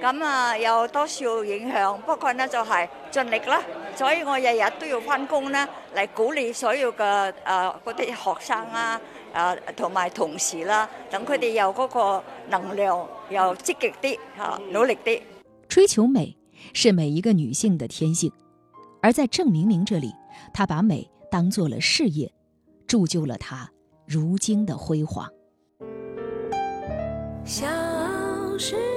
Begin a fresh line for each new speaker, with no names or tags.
咁啊，有多少影響？不過呢，就係、是、盡力啦。所以我日日都要翻工啦，嚟鼓勵所有嘅誒嗰啲學生啊，誒同埋同事啦，等佢哋有嗰個能量，又積極啲嚇、啊，努力啲。追求美是每一個女性的天性，而在鄭明明這裏，她把美當做了事業，鑄就了她如今的輝煌。小時